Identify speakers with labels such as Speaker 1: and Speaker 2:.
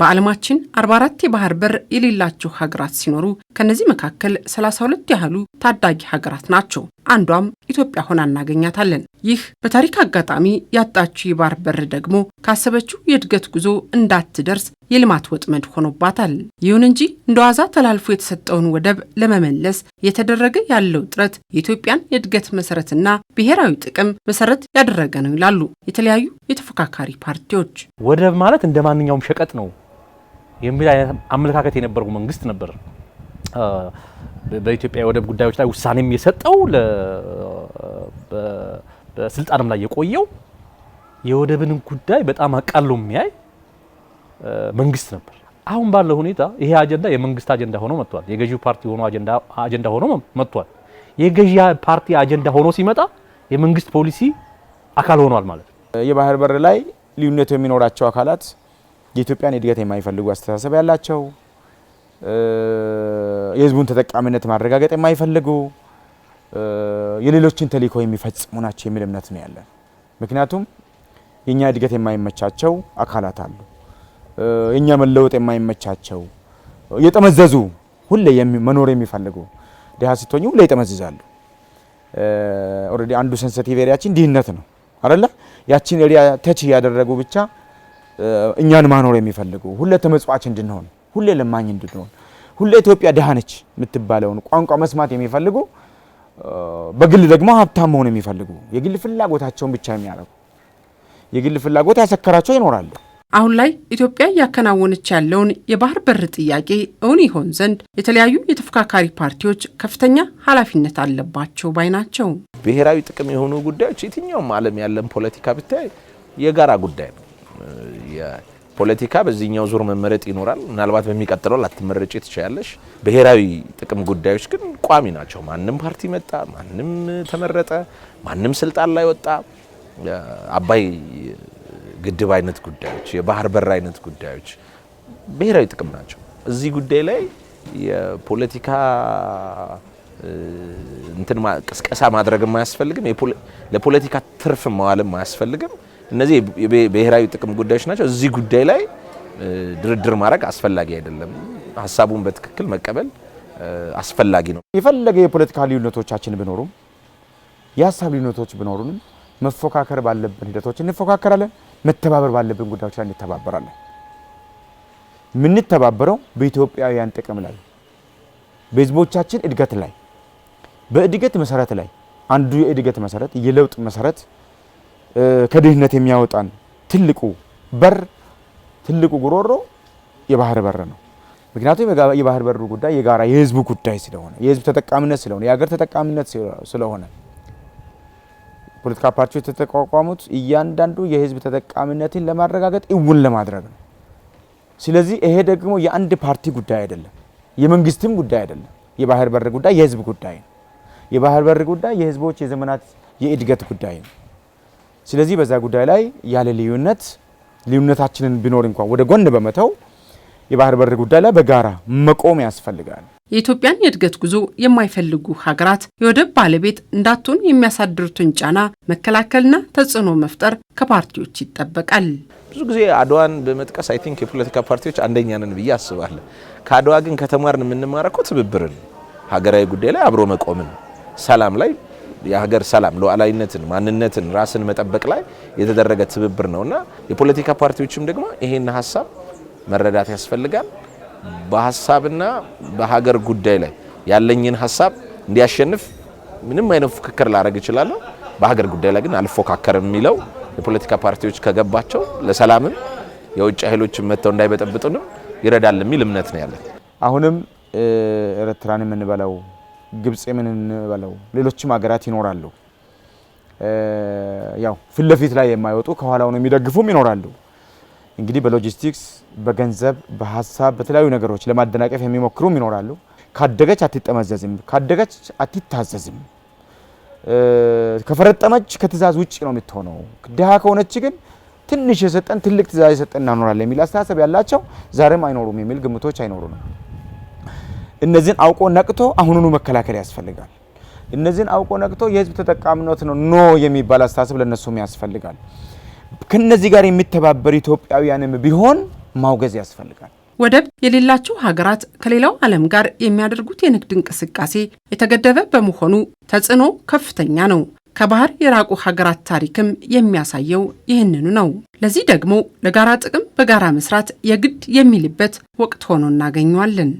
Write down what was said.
Speaker 1: በዓለማችን 44 የባህር በር የሌላቸው ሀገራት ሲኖሩ ከእነዚህ መካከል 32 ያህሉ ታዳጊ ሀገራት ናቸው። አንዷም ኢትዮጵያ ሆና እናገኛታለን። ይህ በታሪክ አጋጣሚ ያጣችው የባህር በር ደግሞ ካሰበችው የእድገት ጉዞ እንዳትደርስ የልማት ወጥመድ ሆኖባታል። ይሁን እንጂ እንደ ዋዛ ተላልፎ የተሰጠውን ወደብ ለመመለስ የተደረገ ያለው ጥረት የኢትዮጵያን የእድገት መሰረትና ብሔራዊ ጥቅም መሰረት ያደረገ ነው ይላሉ የተለያዩ የተፎካካሪ ፓርቲዎች።
Speaker 2: ወደብ ማለት እንደ ማንኛውም ሸቀጥ ነው የሚል አይነት አመለካከት የነበረው መንግስት ነበር በኢትዮጵያ የወደብ ጉዳዮች ላይ ውሳኔም የሰጠው በስልጣንም ላይ የቆየው የወደብን ጉዳይ በጣም አቃሎ የሚያይ መንግስት ነበር። አሁን ባለው ሁኔታ ይሄ አጀንዳ የመንግስት አጀንዳ ሆኖ መጥቷል። የገዢው ፓርቲ ሆኖ አጀንዳ ሆኖ መጥቷል። የገዢ ፓርቲ አጀንዳ ሆኖ ሲመጣ የመንግስት ፖሊሲ አካል ሆኗል ማለት ነው።
Speaker 3: የባህር በር ላይ ልዩነት የሚኖራቸው አካላት የኢትዮጵያን እድገት የማይፈልጉ አስተሳሰብ ያላቸው የህዝቡን ተጠቃሚነት ማረጋገጥ የማይፈልጉ የሌሎችን ተልእኮ የሚፈጽሙ ናቸው የሚል እምነት ነው ያለን። ምክንያቱም የእኛ እድገት የማይመቻቸው አካላት አሉ። የእኛ መለወጥ የማይመቻቸው የጠመዘዙ ሁሌ መኖር የሚፈልጉ ድሀ ስትሆኝ ሁሌ ይጠመዝዛሉ። ኦልሬዲ አንዱ ሰንሰቲቭ ኤሪያችን ድህነት ነው አይደለ? ያችን ኤሪያ ተች እያደረጉ ብቻ እኛን ማኖር የሚፈልጉ ሁሌ ተመጽዋች እንድንሆን፣ ሁሌ ለማኝ እንድንሆን፣ ሁሌ ኢትዮጵያ ድሃ ነች የምትባለውን ቋንቋ መስማት የሚፈልጉ በግል ደግሞ ሀብታም መሆን የሚፈልጉ የግል ፍላጎታቸውን ብቻ የሚያረጉ የግል ፍላጎት ያሰከራቸው ይኖራሉ።
Speaker 1: አሁን ላይ ኢትዮጵያ እያከናወነች ያለውን የባህር በር ጥያቄ እውን ይሆን ዘንድ የተለያዩ የተፎካካሪ ፓርቲዎች ከፍተኛ ኃላፊነት አለባቸው ባይ ናቸው።
Speaker 4: ብሔራዊ ጥቅም የሆኑ ጉዳዮች የትኛውም ዓለም ያለን ፖለቲካ ብታይ የጋራ ጉዳይ ነው። ፖለቲካ በዚህኛው ዙር መመረጥ ይኖራል። ምናልባት በሚቀጥለው ላትመረጭ ትችያለሽ። ብሔራዊ ጥቅም ጉዳዮች ግን ቋሚ ናቸው። ማንም ፓርቲ መጣ፣ ማንም ተመረጠ፣ ማንም ስልጣን ላይ ወጣ፣ አባይ ግድብ አይነት ጉዳዮች፣ የባህር በር አይነት ጉዳዮች ብሔራዊ ጥቅም ናቸው። እዚህ ጉዳይ ላይ የፖለቲካ እንትን ቅስቀሳ ማድረግም አያስፈልግም። ለፖለቲካ ትርፍ መዋልም አያስፈልግም። እነዚህ ብሔራዊ ጥቅም ጉዳዮች ናቸው። እዚህ ጉዳይ ላይ ድርድር ማድረግ አስፈላጊ አይደለም። ሀሳቡን በትክክል መቀበል አስፈላጊ ነው።
Speaker 5: የፈለገ የፖለቲካ ልዩነቶቻችን ቢኖሩም የሀሳብ ልዩነቶች ቢኖሩንም መፎካከር ባለብን ሂደቶች እንፎካከራለን። መተባበር ባለብን ጉዳዮች ላይ እንተባበራለን። የምንተባበረው በኢትዮጵያውያን ጥቅም ላይ፣ በህዝቦቻችን እድገት ላይ፣ በእድገት መሰረት ላይ አንዱ የእድገት መሰረት የለውጥ መሰረት ከድህነት የሚያወጣን ትልቁ በር ትልቁ ጉሮሮ የባህር በር ነው። ምክንያቱም የባህር በሩ ጉዳይ የጋራ የህዝቡ ጉዳይ ስለሆነ የህዝብ ተጠቃሚነት ስለሆነ የሀገር ተጠቃሚነት ስለሆነ ፖለቲካ ፓርቲዎች የተቋቋሙት እያንዳንዱ የህዝብ ተጠቃሚነትን ለማረጋገጥ እውን ለማድረግ ነው። ስለዚህ ይሄ ደግሞ የአንድ ፓርቲ ጉዳይ አይደለም፣ የመንግስትም ጉዳይ አይደለም። የባህር በር ጉዳይ የህዝብ ጉዳይ ነው። የባህር በር ጉዳይ የህዝቦች የዘመናት የእድገት ጉዳይ ነው። ስለዚህ በዛ ጉዳይ ላይ ያለ ልዩነት ልዩነታችንን ቢኖር እንኳን ወደ ጎን በመተው የባህር በር ጉዳይ ላይ በጋራ መቆም ያስፈልጋል።
Speaker 1: የኢትዮጵያን የእድገት ጉዞ የማይፈልጉ ሀገራት የወደብ ባለቤት እንዳትሆን የሚያሳድሩትን ጫና መከላከልና ተጽዕኖ መፍጠር ከፓርቲዎች ይጠበቃል።
Speaker 4: ብዙ ጊዜ አድዋን በመጥቀስ አይ ቲንክ የፖለቲካ ፓርቲዎች አንደኛ ነን ብዬ አስባለሁ። ከአድዋ ግን ከተማርን የምንማረከው ትብብርን፣ ሀገራዊ ጉዳይ ላይ አብሮ መቆምን፣ ሰላም ላይ የሀገር ሰላም ሉዓላዊነትን፣ ማንነትን፣ ራስን መጠበቅ ላይ የተደረገ ትብብር ነው እና የፖለቲካ ፓርቲዎችም ደግሞ ይሄን ሀሳብ መረዳት ያስፈልጋል። በሀሳብና በሀገር ጉዳይ ላይ ያለኝን ሀሳብ እንዲያሸንፍ ምንም አይነት ፉክክር ላደርግ እችላለሁ፣ በሀገር ጉዳይ ላይ ግን አልፎካከርም የሚለው የፖለቲካ ፓርቲዎች ከገባቸው ለሰላምም የውጭ ኃይሎች መጥተው እንዳይበጠብጡንም ይረዳል የሚል እምነት ነው ያለን።
Speaker 6: አሁንም ኤርትራን የምንበላው ግብጽ ምን እንበለው ሌሎችም ሀገራት ይኖራሉ። ያው ፊት ለፊት ላይ የማይወጡ ከኋላ ነው የሚደግፉም ይኖራሉ። እንግዲህ በሎጂስቲክስ በገንዘብ በሀሳብ በተለያዩ ነገሮች ለማደናቀፍ የሚሞክሩም ይኖራሉ። ካደገች አትጠመዘዝም፣ ካደገች አትታዘዝም። ከፈረጠመች ከትእዛዝ ውጭ ነው የምትሆነው። ድሀ ከሆነች ግን ትንሽ የሰጠን ትልቅ ትእዛዝ የሰጠን እናኖራለን የሚል አስተሳሰብ ያላቸው ዛሬም አይኖሩም የሚል ግምቶች አይኖሩ ነው። እነዚህን አውቆ ነቅቶ አሁኑኑ መከላከል ያስፈልጋል። እነዚህን አውቆ ነቅቶ የህዝብ ተጠቃሚነት ነው ኖ የሚባል አስተሳሰብ ለእነሱም ያስፈልጋል። ከነዚህ ጋር የሚተባበር ኢትዮጵያውያንም ቢሆን ማውገዝ ያስፈልጋል።
Speaker 1: ወደብ የሌላቸው ሀገራት ከሌላው ዓለም ጋር የሚያደርጉት የንግድ እንቅስቃሴ የተገደበ በመሆኑ ተጽዕኖ ከፍተኛ ነው። ከባህር የራቁ ሀገራት ታሪክም የሚያሳየው ይህንኑ ነው። ለዚህ ደግሞ ለጋራ ጥቅም በጋራ መስራት የግድ የሚልበት ወቅት ሆኖ እናገኘዋለን።